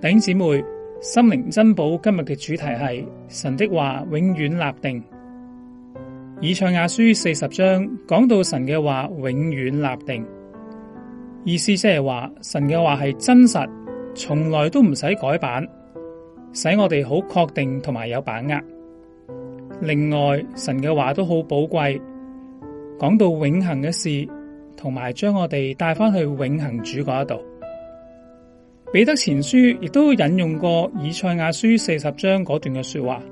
弟兄姊妹，心靈珍寶今日嘅主題係神的話永遠立定。以賽亞書四十章講到神嘅話永遠立定，意思即係話神嘅話係真實，從來都唔使改版，使我哋好確定同埋有把握。另外，神嘅話都好寶貴，講到永恆嘅事，同埋將我哋帶返去永恆主嗰度。彼得前書亦都引用過以賽亞書四十章嗰段嘅說話，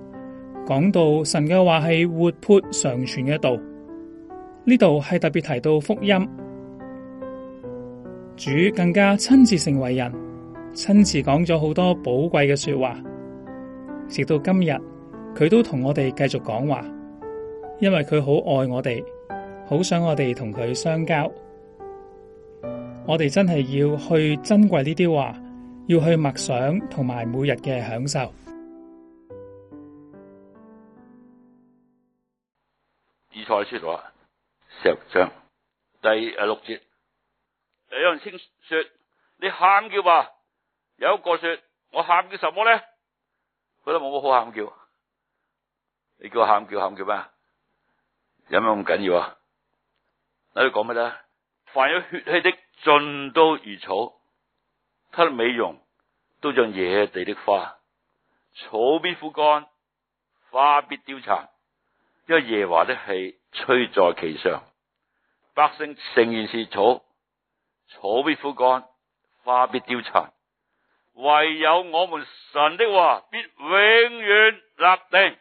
講到神嘅話係活潑常存嘅道。呢度係特別提到福音，主更加親自成為人，親自講咗好多寶貴嘅說話，直到今日佢都同我哋繼續講話，因為佢好愛我哋，好想我哋同佢相交，我哋真係要去珍貴呢啲話。要去默想同埋每日嘅享受。以賽亞書，四十章第六節，有人聲說，你喊叫吧，有一個說，我喊叫什麼呢？覺得冇乜好喊叫。你叫我喊叫，喊叫咩啊？有咩咁緊要啊？嗱，你度講乜咧？凡有血氣的，盡都如草。睇美容都像野地的花，草必枯乾，花必凋殘，因為耶和華的氣吹在其上。百姓誠然是草，草必枯乾，花必凋殘，唯有我們神的話必永遠立定。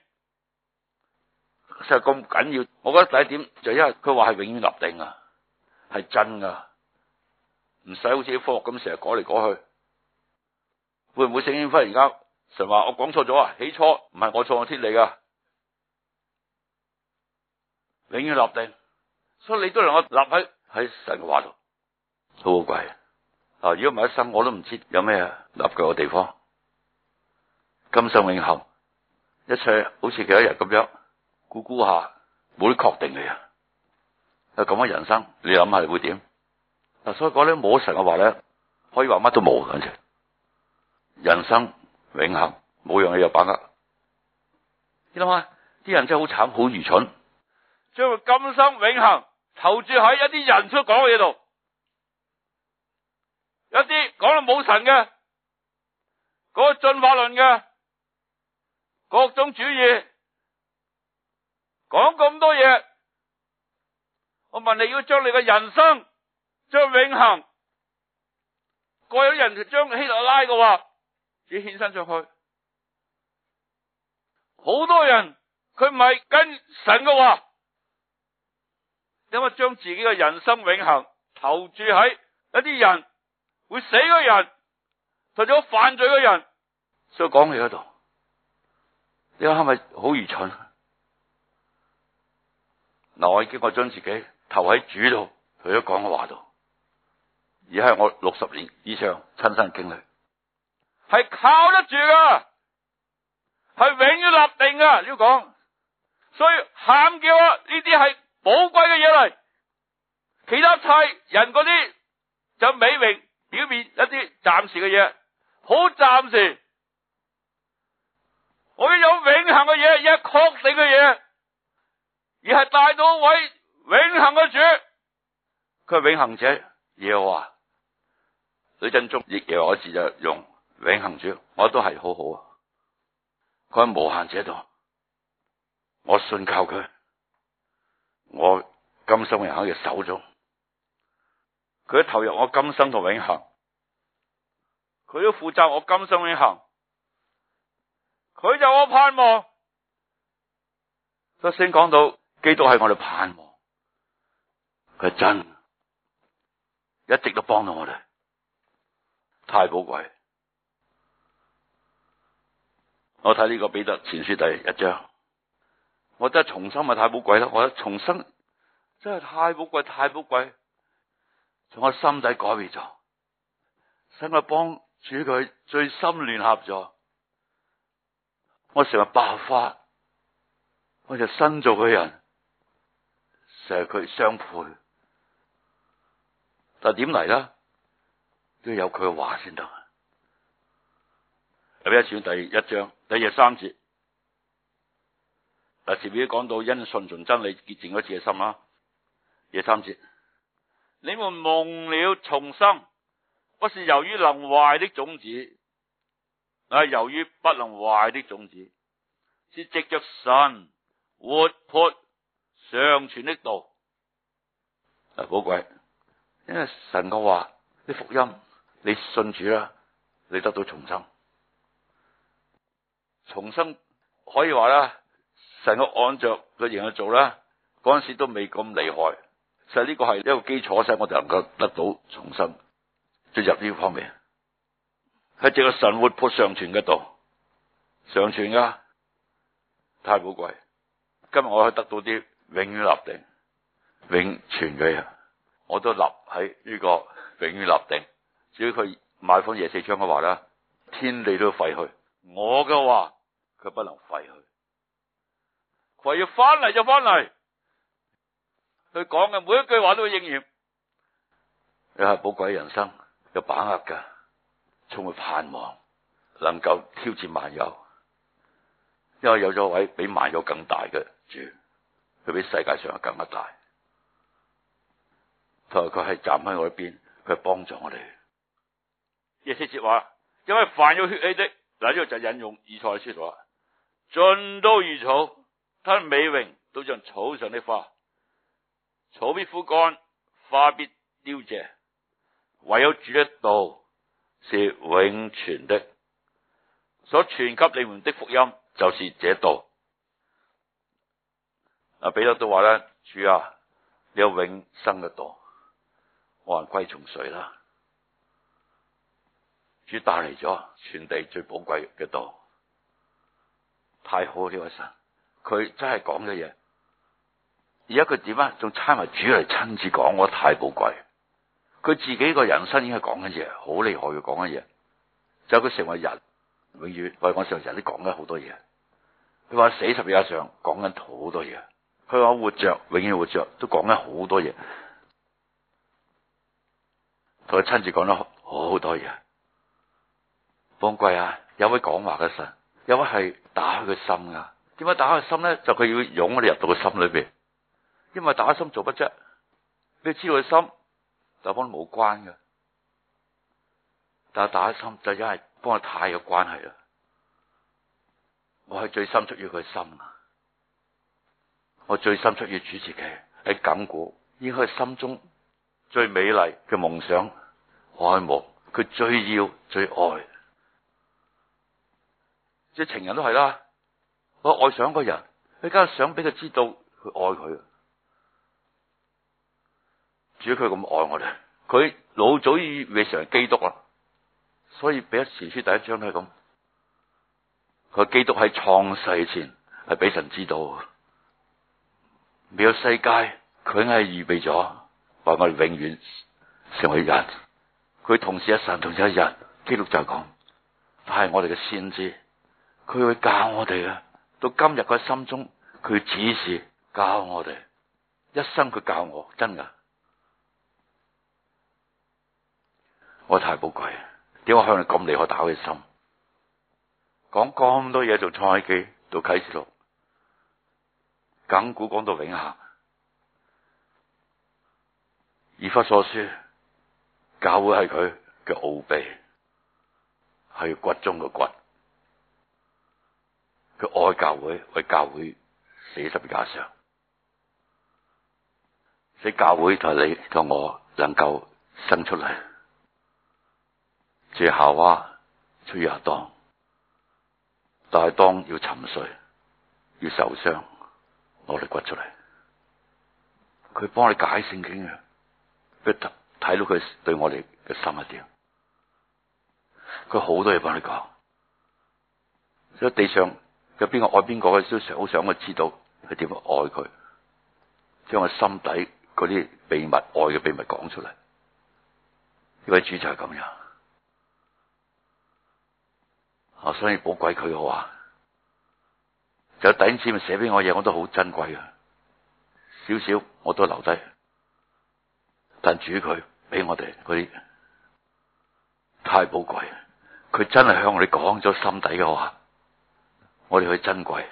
就係咁緊要，我覺得第一點就係因為佢話係永遠立定啊，係真㗎。唔使好似啲科學咁成日改嚟改去，會唔會聖經忽然間神話我講錯咗啊？起初唔係我錯，我天理噶，永遠立定，所以你都能夠立喺喺神嘅話度，好寶貴啊！如果唔係一生我都唔知有咩立腳嘅地方，今生永後一切好似幾多日咁樣估估下，冇啲確定嘅啊！咁嘅人生，你諗下會點？所以講咧，冇神嘅話咧，可以話乜都冇。㗎啫，人生永恆冇樣嘢有把握。知道嘛？啲人真係好慘，好愚蠢，將佢今生永恆投注喺一啲人所講嘅嘢度，一啲講到冇神嘅，嗰個進化論嘅，各種主義，講咁多嘢，我問你要將你嘅人生。將永恒，過有人就將希特拉嘅話，自己獻身上去。好多人佢唔係跟神嘅話，因為將自己嘅人生永恒投注喺一啲人會死嘅人，或者犯罪嘅人。所以講起嗰度，你話係咪好愚蠢？嗱，我已經將自己投喺主度，佢一講嘅話度。而係我六十年以上親身經歷，係靠得住噶，係永遠立定噶。你要講，所以喊叫啊，呢啲係寶貴嘅嘢嚟，其他一切人啲就美榮，表面一啲暫時嘅嘢，好暫時。我要有永恒嘅嘢，一確定嘅嘢，而係帶到位永恒嘅主。佢係永恒者耶啊。呂振中亦有我字就用永恒主，我都係好好啊！佢喺無限者度，我信靠佢，我今生永恒嘅手中，佢都投入我今生同永恒，佢都負責我今生永恒，佢就我盼望。得先講到基督係我哋盼望，佢真一直都幫到我哋。太寶貴，我睇呢，這個彼得前書第一章，我覺得重生啊！太寶貴啦，我覺得重生真係太寶貴，太寶貴，從我心底改變咗，使我幫主佢最心聯合咗，我成日爆發，我就新做嘅人，成日佢相配，但係點嚟呢？都有佢嘅話先得、啊。第一選第一章第二三節，特別是講到因信從真理潔淨咗自己心啦。二三節，你們蒙了重生，不是由於能壞的種子，啊，由於不能壞的種子，是藉着神活潑常存的道。嗱，貴，寶貴，因為神嘅話啲福音。你信主啦，你得到重生。重生可以話啦，成個按着個形去做啦，嗰陣時都未咁厲害。實際呢個係一個基礎，上我哋能夠得到重生，進入呢方面。喺藉個神活潑常存嘅道，常存噶，太寶貴。今日我可以得到啲永遠立定、永存嘅嘢，我都立喺呢個永遠立定。只要佢買封野四章嘅話啦，天地都要廢去。我嘅話，佢不能廢去，佢要翻嚟就翻嚟。佢講嘅每一句話都會應驗。你係寶貴人生，有把握嘅，充滿盼望，能夠挑戰萬有。因為有咗位比萬有更大嘅住，佢比世界上更加大。同佢係站喺我一邊，佢係幫助我哋。耶穌說話，因為凡有血氣的，嗱、這、呢個就引用以賽說話：，盡都如草，它美榮都像草上的花，草必枯乾，花必凋謝，唯有主的道是永存的。所傳給你們的福音就是這道。阿彼得都話咧：主啊，你、這、有、個、永生嘅道，我還歸從誰啦？主帶嚟咗全地最寶貴嘅道，太好呢位神，佢真係講嘅嘢。而家佢點啊？仲差埋主嚟親自講，我太寶貴。佢自己個人生已經係講緊嘢，好厲害佢講緊嘢。就佢成為人，永遠為我哋成為人都，都講緊好多嘢。佢話死十日,日上講緊好多嘢，佢話活着永遠活着都講緊好多嘢，佢親自講咗好多嘢。昂啊！有位講話嘅神，有位係打開個心噶。點解打開個心咧？就佢要擁我哋入到個心裏邊。因為打開心做乜啫？你知道個心，就係幫佢無關嘅。但係打開心就因為幫佢太有關係啦。我係最深出於佢嘅心啊！我最深出於主持己喺感古，應該係心中最美麗嘅夢想、愛慕，佢最要、最愛。即情人都係啦，我愛上一個人，你梗係想俾佢知道佢愛佢，至於佢咁愛我哋，佢老早已未成為基督啦，所以《彼得前書》第一章都係咁，佢基督喺創世前係俾神知道，未有世界，佢係預備咗，話我哋永遠成為人，佢同時一神，同時係人。基督就係講，係我哋嘅先知。佢會教我哋呀，到今日佢心中，佢指示教我哋，一生佢教我，真噶，我太寶貴，點解向你咁離開打開心，講咁多嘢做賽記，到啟示錄，講古講到永恆，以弗所書，教會係佢嘅奧秘，係骨中嘅骨。佢愛教會，為教會死十架上，使教會同你同我能夠生出嚟，借夏娃出亞當，但係當要沉睡，要受傷，攞啲骨出嚟，佢幫你解聖經嘅，一睇到佢對我哋嘅心一點，佢好多嘢幫你講，喺地上。有邊個愛邊個嘅，都想好想佢知道係點樣愛佢，將佢心底嗰啲秘密愛嘅秘密講出嚟。呢位主就係咁樣，所以寶貴佢嘅話，就頂次咪寫俾我嘢，我都好珍貴啊。少少我都留低。但主佢俾我哋嗰啲太寶貴，佢真係向我哋講咗心底嘅話。我哋去珍貴，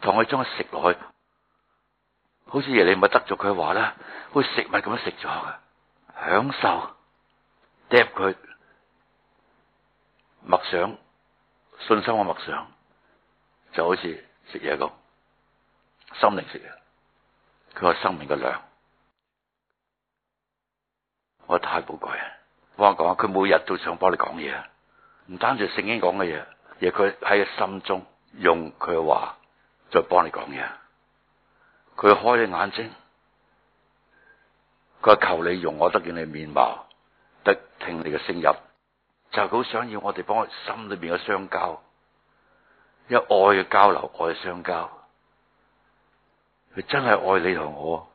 同佢將佢食落去，好似耶利米得咗佢話啦，好似食物咁樣食咗嘅，享受，嗒佢默想，信心嘅默想，就好似食嘢咁，心靈食嘢，佢個生命嘅糧，我太寶貴啊！我講，佢每日都想幫你講嘢，唔單止聖經講嘅嘢，而佢喺佢心中。用佢嘅話再幫你講嘢，佢開你眼睛，佢話，求你容我，我得見你面貌，得聽你嘅聲音，就好，是，想要我哋幫佢心裏邊嘅相交，因為愛嘅交流，愛嘅相交，佢真係愛你同我。